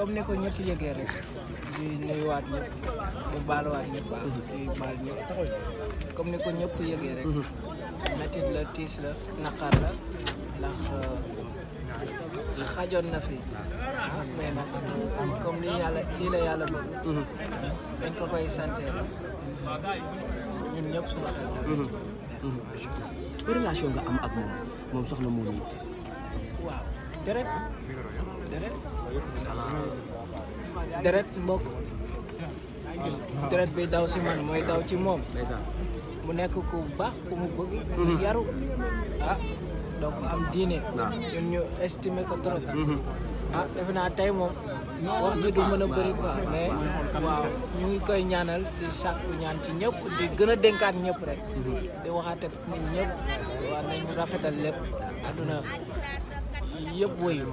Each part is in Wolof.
comme ne ko ñëpp yëgee rek di waat ñëpp di baaluwaat ñëpp ak di baal ñëpp comme ne ñëpp yëgee rek métit mhm. la tiis la naqar la ndax euh, xajoon na fi mais nag euh, comme lii yàlla lii la yàlla bëgg mhm. dañ ko koy sante ñun ñëpp suñu xel dal mhm. relation nga am ak moom moom soxna moom waaw deret deret deret mbokk deret bi daw si man mooy daw ci moom mu nekk ku baax ku mu ku mhm. yaru ah donc am diine ñu estimer ko trop mhm. ah defe naa tey moom wax ji du mën a bari quoi mais waaw ñu ngi koy ñaanal di sàkku ñaan ci ñëpp di gën a dénkaat ñëpp rek mhm. di waxaat ak nit ñëpp war rafetal lépp àdduna yëpp woyu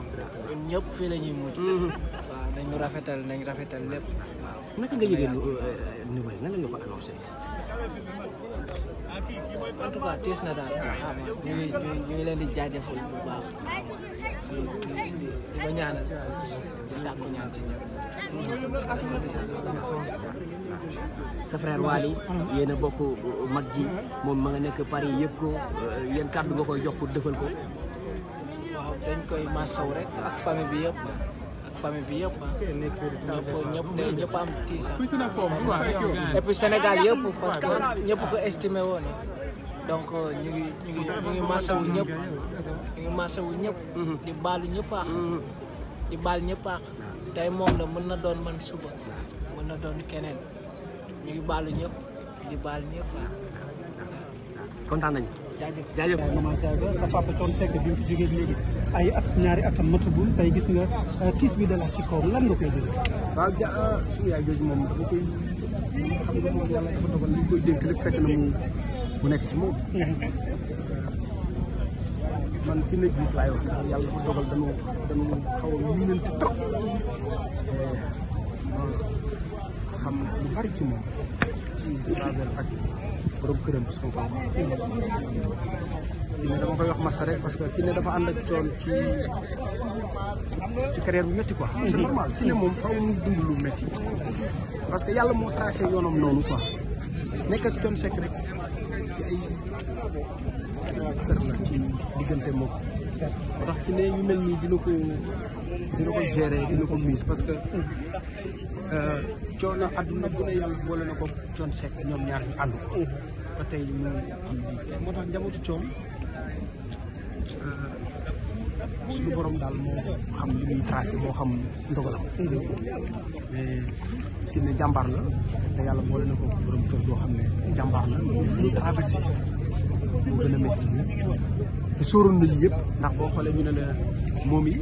ñun ñëpp fii la ñuy mujj. Mhm. waaw nañu rafetal nañ rafetal lépp waaw. naka nga yëgee euh, nouvelle nan la nga ko annoncé. en tout cas tiis na daal xam nga ñu ngi ñu ngi leen di jaajëfal bu baax di di di ko ñaanal di sàkku ñaan ci ñëpp. sa frère Waly yéen a bokk euh, mag ji moom ma nga nekk Paris yëpp ko euh, yéen kàddu nga koy jox pour defal ko. dañ koy massaw rek ak famille bi yëpp ak famille bi yëpp ah. ñëpp ñëpp tey ñëpp am tiisa ah. Sénégal yëpp parce que ñëpp ko estimé woon donc euh, ñu ngi ñu ngi ñu ngi ñëpp ñu ngi massawu ñëpp di baalu ñëpp ax ah. di baal ñëpp ax tey moom la mën na doon man suba mën na doon keneen ñu ngi baalu ñëpp di baal ñëpp ax kontaan nañu jaajëf ay at ñaari atam matagul tey gis nga euh, tiis bi dalax ci kaw lan nga koy dégg. waaw ja ah, suñu yaay jooju moom dafa koy xam li ñu fekk na mu mu nekk ci moom. man ci nekk Diouf laay wax yàlla dafa dogal dañu dañu xaw a miinante trop eh, xam lu bari ci moom ci travers ak borom këram sama papa Kiné dama koy wax massa rek parce que Kiné dafa ànd ak coon ci ci carrière bu metti ko c'est mhm. normal moom faw mu dund lu métti. parce que yàlla moo tracé yoonam noonu ko nekk ak coon sekk rek ci ay affaire la ci diggante moom. moo tax Kiné yu mel nii dina ko dina ko dina ko mise parce que. Euh, coono àdduna bu ne yàlla boole na ko coon sekk ñoom ñaar ñu ànd ko. Mhm. ba tey ñu am moo tax njabootu coon Euh, suñu borom daal moo xam li muy tracé moo xam ndogalam. mais Kiné jàmbar la te yàlla moo boole na ko borom kër doo xam ne jàmbaar la fi ñu gën a métti te sóoroon na lii yëpp ndax boo xoolee ñu ne la moom yi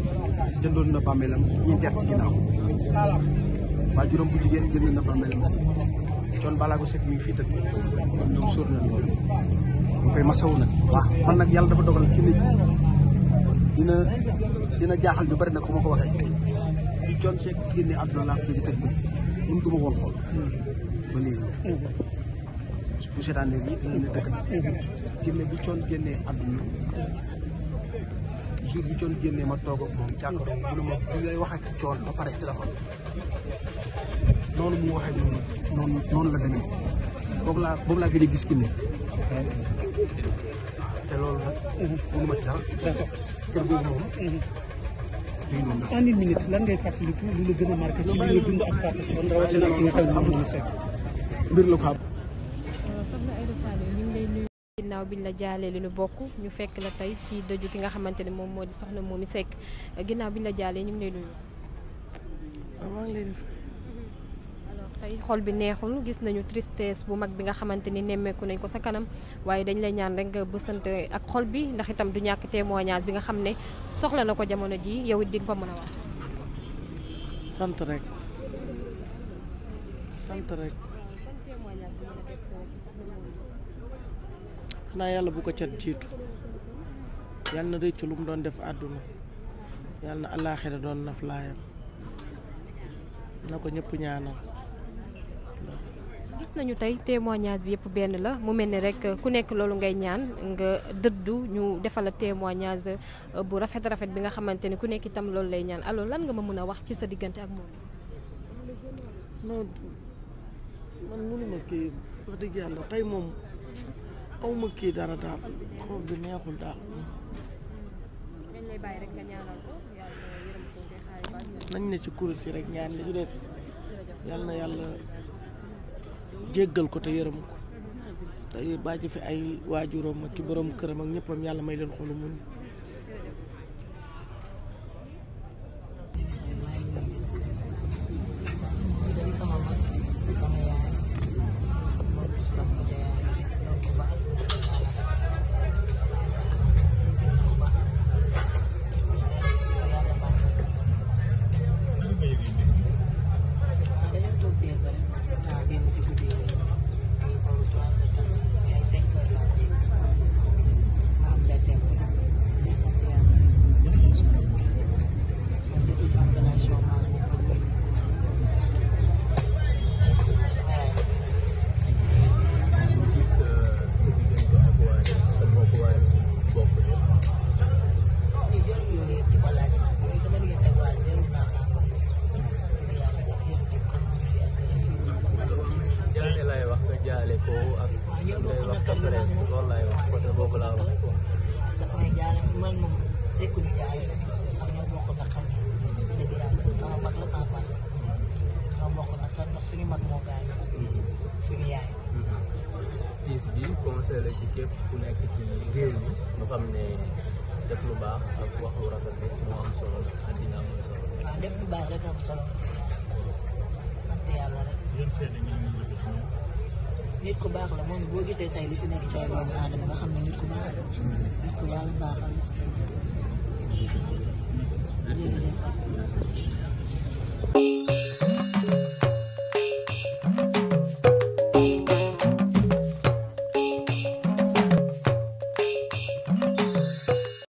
jëndoon na bàmmeelam ñeenti at ci ginnaaw juróom bu jigéen jënd na bàmmeelam Thione Ballago Seck mi ngi fii tëdd kon ñoom sóor na loolu ñu koy masawu nag waaw man nag yàlla dafa dogal ci nit dina dina jaaxal bari nag ku ma ko waxee bi Thione Seck génne àdduna ma woon la toog ak wax ak Thione ba pare téléphone noonu mu waxee noonu noonu noonu la a gis lan a marqué. ci ñu la euh, ginnaaw biñ la jaalee li ñu bokk ñu fekk la tey ci dëju ki nga xamante ne moom moo di soxna Momy sekk ginnaaw biñ la jaalee ñu ngi lay nuyu. Ah, tey xol bi neexul gis nañu tristesse bu mag bi nga xamante ni nemmeeku nañ ko sa kanam waaye dañ lay ñaan rek nga bësante ak xol bi ndax itam du ñàkk témoignage bi nga xam ne soxla na ko jamono ji yow it di nga ko mën a wax. sant rek sant rek. xanaa yàlla bu ko cat jiitu yàlla na rëccu lu mu doon def àdduna yàlla na alaaxira doon naflaayam na ko ñëpp ñaanal. nañu tey témoignage bi yëpp benn la mu mel ni rek ku nekk loolu ngay ñaan nga dëddu ñu defal la témoignage euh, bu rafet rafet bi nga xamante ni ku nekk itam loolu lay ñaan aloo lan nga ma mën a wax ci sa diggante ak moom. non man mënuma kii wax dëgg yàlla awma kii dara daal xol bi neexul daal. nañ ne ci kuréel yi rek ñaan li ci des yàlla yàlla. jéggal ko te yërëm ko te bàyyi fi ay waajuram ak ki borom këram ak ñëppam yàlla may leen xolu muñ jaale ko ak ngay wax sa presse loolu laay wax côté boobu laa wax. daf may jaale man moom sekkuñu jaale ndax ñoo bokk naqar dëgg yàlla sama mag la sama papa ñoo bokk naqar ndax suñu mag moo gaañ suñu yaay. piis mm-hmm. bi conseil la ci képp ku nekk ci réew mi ñu xam ne def lu baax ak waxu rafet bi moo am solo àddina am solo. waaw def lu baax rek am solo sant yàlla rek. nit ko baax la moom boo gisee tey li fi nekk ci ay doomu nga xam ne nit ku baax la nit ku yàlla baaxal la. jërëjëf.